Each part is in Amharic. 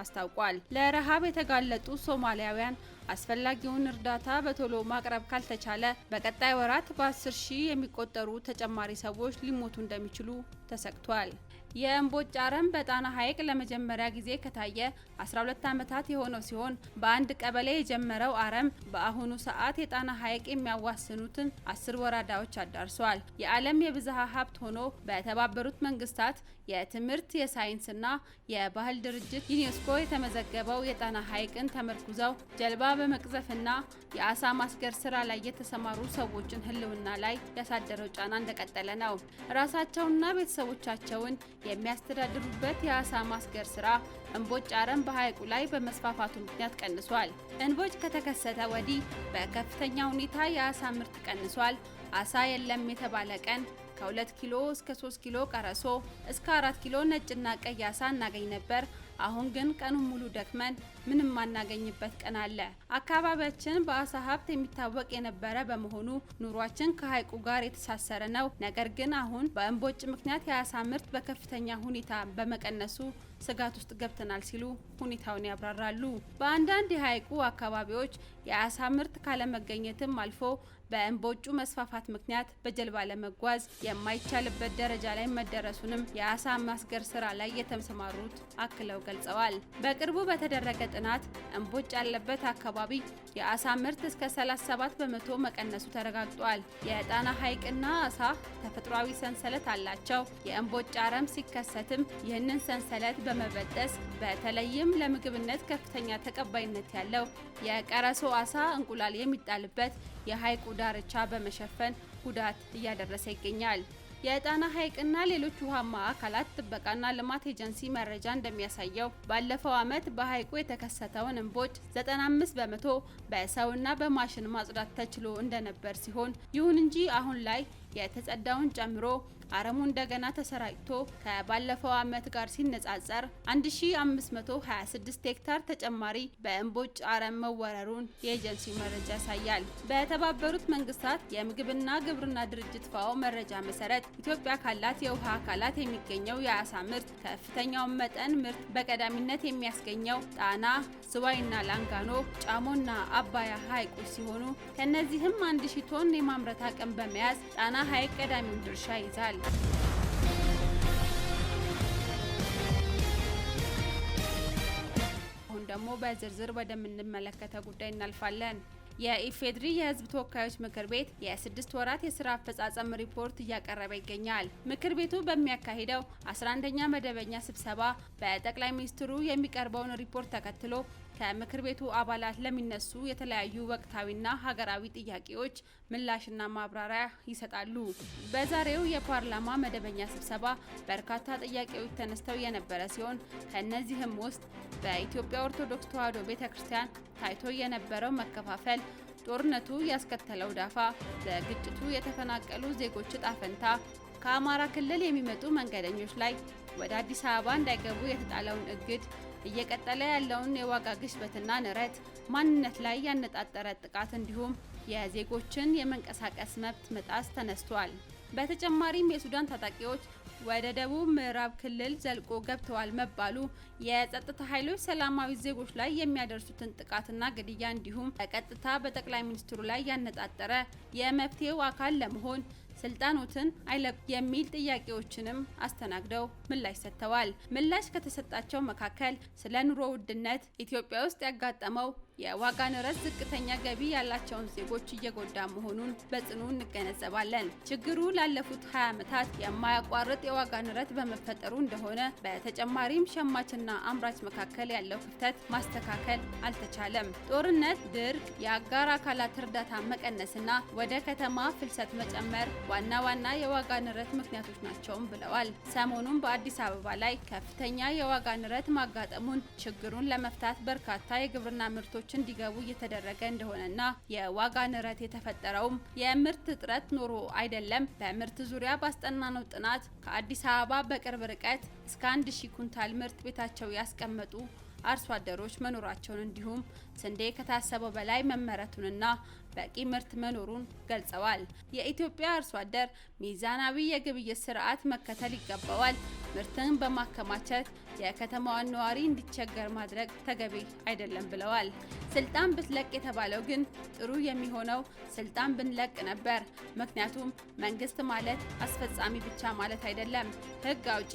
አስታውቋል። ለረሃብ የተጋለጡ ሶማሊያውያን አስፈላጊውን እርዳታ በቶሎ ማቅረብ ካልተቻለ በቀጣይ ወራት በ10 ሺህ የሚቆጠሩ ተጨማሪ ሰዎች ሊሞቱ እንደሚችሉ ተሰግቷል። የእምቦጭ አረም በጣና ሐይቅ ለመጀመሪያ ጊዜ ከታየ 12 ዓመታት የሆነው ሲሆን በአንድ ቀበሌ የጀመረው አረም በአሁኑ ሰዓት የጣና ሐይቅ የሚያዋስኑትን አስር ወረዳዎች አዳርሷል። የዓለም የብዝሃ ሀብት ሆኖ በተባበሩት መንግስታት የትምህርት የሳይንስና የባህል ድርጅት ዩኔስኮ የተመዘገበው የጣና ሐይቅን ተመርኩዘው ጀልባ በመቅዘፍና የአሳ ማስገር ስራ ላይ የተሰማሩ ሰዎችን ህልውና ላይ ያሳደረው ጫና እንደቀጠለ ነው። ራሳቸውና ቤተሰቦቻቸውን የሚያስተዳድሩበት የአሳ ማስገር ስራ እንቦጭ አረም በሐይቁ ላይ በመስፋፋቱ ምክንያት ቀንሷል። እንቦጭ ከተከሰተ ወዲህ በከፍተኛ ሁኔታ የአሳ ምርት ቀንሷል። አሳ የለም የተባለ ቀን ከ2 ኪሎ እስከ 3 ኪሎ ቀረሶ እስከ 4 ኪሎ ነጭና ቀይ አሳ እናገኝ ነበር። አሁን ግን ቀኑን ሙሉ ደክመን ምንም ማናገኝበት ቀን አለ። አካባቢያችን በአሳ ሀብት የሚታወቅ የነበረ በመሆኑ ኑሯችን ከሀይቁ ጋር የተሳሰረ ነው። ነገር ግን አሁን በእንቦጭ ምክንያት የአሳ ምርት በከፍተኛ ሁኔታ በመቀነሱ ስጋት ውስጥ ገብተናል ሲሉ ሁኔታውን ያብራራሉ። በአንዳንድ የሀይቁ አካባቢዎች የአሳ ምርት ካለመገኘትም አልፎ በእምቦጩ መስፋፋት ምክንያት በጀልባ ለመጓዝ የማይቻልበት ደረጃ ላይ መደረሱንም የአሳ ማስገር ስራ ላይ የተሰማሩት አክለው ገልጸዋል። በቅርቡ በተደረገ ጥናት እምቦጭ ያለበት አካባቢ የአሳ ምርት እስከ 37 በመቶ መቀነሱ ተረጋግጧል። የጣና ሐይቅና አሳ ተፈጥሯዊ ሰንሰለት አላቸው። የእንቦጭ አረም ሲከሰትም ይህንን ሰንሰለት በመበጠስ በተለይም ለምግብነት ከፍተኛ ተቀባይነት ያለው የቀረሶ አሳ እንቁላል የሚጣልበት የሐይቁ ዳርቻ በመሸፈን ጉዳት እያደረሰ ይገኛል። የጣና ሐይቅና ሌሎች ውሃማ አካላት ጥበቃና ልማት ኤጀንሲ መረጃ እንደሚያሳየው ባለፈው ዓመት በሐይቁ የተከሰተውን እምቦጭ 95 በመቶ በሰውና በማሽን ማጽዳት ተችሎ እንደነበር ሲሆን ይሁን እንጂ አሁን ላይ የተጸዳውን ጨምሮ አረሙ እንደገና ተሰራጭቶ ከባለፈው ዓመት ጋር ሲነጻጸር 1526 ሄክታር ተጨማሪ በእምቦጭ አረም መወረሩን የኤጀንሲው መረጃ ያሳያል። በተባበሩት መንግስታት የምግብና ግብርና ድርጅት ፋኦ መረጃ መሰረት ኢትዮጵያ ካላት የውሃ አካላት የሚገኘው የአሳ ምርት ከፍተኛውን መጠን ምርት በቀዳሚነት የሚያስገኘው ጣና፣ ዝዋይና ላንጋኖ፣ ጫሞና አባያ ሐይቆች ሲሆኑ ከእነዚህም 1000 ቶን የማምረት አቅም በመያዝ ጣና ሐይቅ ቀዳሚውን ድርሻ ይዛል። አሁን ደግሞ በዝርዝር ወደምንመለከተ ጉዳይ እናልፋለን። የኢፌድሪ የህዝብ ተወካዮች ምክር ቤት የስድስት ወራት የስራ አፈጻጸም ሪፖርት እያቀረበ ይገኛል። ምክር ቤቱ በሚያካሂደው 11ኛ መደበኛ ስብሰባ በጠቅላይ ሚኒስትሩ የሚቀርበውን ሪፖርት ተከትሎ ከምክር ቤቱ አባላት ለሚነሱ የተለያዩ ወቅታዊና ሀገራዊ ጥያቄዎች ምላሽና ማብራሪያ ይሰጣሉ። በዛሬው የፓርላማ መደበኛ ስብሰባ በርካታ ጥያቄዎች ተነስተው የነበረ ሲሆን ከእነዚህም ውስጥ በኢትዮጵያ ኦርቶዶክስ ተዋሕዶ ቤተ ክርስቲያን ታይቶ የነበረው መከፋፈል፣ ጦርነቱ ያስከተለው ዳፋ፣ በግጭቱ የተፈናቀሉ ዜጎች ጣፈንታ፣ ፈንታ፣ ከአማራ ክልል የሚመጡ መንገደኞች ላይ ወደ አዲስ አበባ እንዳይገቡ የተጣለውን እግድ እየቀጠለ ያለውን የዋጋ ግሽበትና ንረት፣ ማንነት ላይ ያነጣጠረ ጥቃት እንዲሁም የዜጎችን የመንቀሳቀስ መብት መጣስ ተነስቷል። በተጨማሪም የሱዳን ታጣቂዎች ወደ ደቡብ ምዕራብ ክልል ዘልቆ ገብተዋል መባሉ የጸጥታ ኃይሎች ሰላማዊ ዜጎች ላይ የሚያደርሱትን ጥቃትና ግድያ እንዲሁም በቀጥታ በጠቅላይ ሚኒስትሩ ላይ ያነጣጠረ የመፍትሄው አካል ለመሆን ስልጣኖትን አይለቁ የሚል ጥያቄዎችንም አስተናግደው ምላሽ ሰጥተዋል። ምላሽ ከተሰጣቸው መካከል ስለ ኑሮ ውድነት ኢትዮጵያ ውስጥ ያጋጠመው የዋጋ ንረት ዝቅተኛ ገቢ ያላቸውን ዜጎች እየጎዳ መሆኑን በጽኑ እንገነዘባለን። ችግሩ ላለፉት 20 ዓመታት የማያቋርጥ የዋጋ ንረት በመፈጠሩ እንደሆነ፣ በተጨማሪም ሸማችና አምራች መካከል ያለው ክፍተት ማስተካከል አልተቻለም። ጦርነት፣ ድርቅ፣ የአጋር አካላት እርዳታ መቀነስና ወደ ከተማ ፍልሰት መጨመር ዋና ዋና የዋጋ ንረት ምክንያቶች ናቸውም ብለዋል። ሰሞኑን በአዲስ አበባ ላይ ከፍተኛ የዋጋ ንረት ማጋጠሙን ችግሩን ለመፍታት በርካታ የግብርና ምርቶች ገበሬዎች እንዲገቡ እየተደረገ እንደሆነና የዋጋ ንረት የተፈጠረውም የምርት እጥረት ኖሮ አይደለም። በምርት ዙሪያ ባስጠናነው ጥናት ከአዲስ አበባ በቅርብ ርቀት እስከ አንድ ሺ ኩንታል ምርት ቤታቸው ያስቀመጡ አርሶ አደሮች መኖራቸውን እንዲሁም ስንዴ ከታሰበው በላይ መመረቱንና በቂ ምርት መኖሩን ገልጸዋል። የኢትዮጵያ አርሶ አደር ሚዛናዊ የግብይት ስርዓት መከተል ይገባዋል። ምርትን በማከማቸት የከተማዋን ነዋሪ እንዲቸገር ማድረግ ተገቢ አይደለም ብለዋል። ስልጣን ብትለቅ የተባለው ግን ጥሩ የሚሆነው ስልጣን ብንለቅ ነበር። ምክንያቱም መንግስት ማለት አስፈጻሚ ብቻ ማለት አይደለም። ህግ አውጪ፣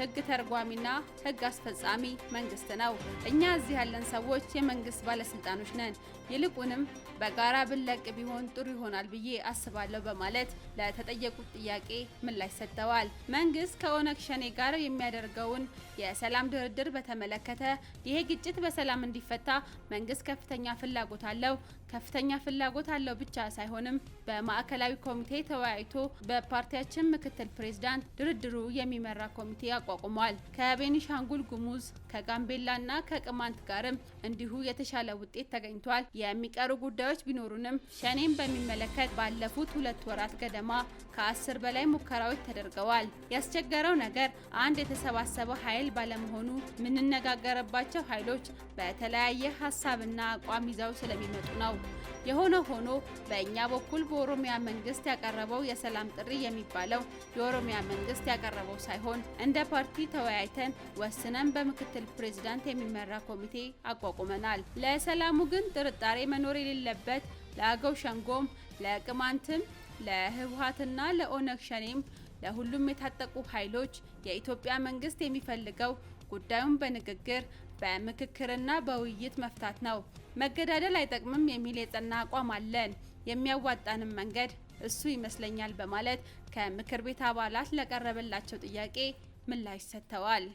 ህግ ተርጓሚና ህግ አስፈጻሚ መንግስት ነው። እኛ እዚህ ያለን ሰዎች የመንግስት ባ ባለስልጣኖች ነን። ይልቁንም በጋራ ብንለቅ ቢሆን ጥሩ ይሆናል ብዬ አስባለሁ በማለት ለተጠየቁት ጥያቄ ምላሽ ሰጥተዋል። መንግስት ከኦነግ ሸኔ ጋር የሚያደርገውን የሰላም ድርድር በተመለከተ ይሄ ግጭት በሰላም እንዲፈታ መንግስት ከፍተኛ ፍላጎት አለው ከፍተኛ ፍላጎት አለው ብቻ ሳይሆንም በማዕከላዊ ኮሚቴ ተወያይቶ በፓርቲያችን ምክትል ፕሬዝዳንት ድርድሩ የሚመራ ኮሚቴ አቋቁሟል። ከቤኒሻንጉል ጉሙዝ ከጋምቤላ እና ከቅማንት ጋርም እንዲሁ የተሻለ ያለ ውጤት ተገኝቷል። የሚቀሩ ጉዳዮች ቢኖሩንም ሸኔን በሚመለከት ባለፉት ሁለት ወራት ገደማ ከአስር በላይ ሙከራዎች ተደርገዋል። ያስቸገረው ነገር አንድ የተሰባሰበው ኃይል ባለመሆኑ የምንነጋገርባቸው ኃይሎች በተለያየ ሀሳብና አቋም ይዘው ስለሚመጡ ነው። የሆነ ሆኖ በእኛ በኩል በኦሮሚያ መንግስት ያቀረበው የሰላም ጥሪ የሚባለው የኦሮሚያ መንግስት ያቀረበው ሳይሆን እንደ ፓርቲ ተወያይተን ወስነን በምክትል ፕሬዚዳንት የሚመራ ኮሚቴ አቋቁመናል። በሰላሙ ግን ጥርጣሬ መኖር የሌለበት ለአገው ሸንጎም፣ ለቅማንትም፣ ለህወሀትና ለኦነግ ሸኔም ለሁሉም የታጠቁ ኃይሎች የኢትዮጵያ መንግስት የሚፈልገው ጉዳዩን በንግግር በምክክርና በውይይት መፍታት ነው። መገዳደል አይጠቅምም የሚል የጸና አቋም አለን። የሚያዋጣንም መንገድ እሱ ይመስለኛል በማለት ከምክር ቤት አባላት ለቀረበላቸው ጥያቄ ምላሽ ሰጥተዋል።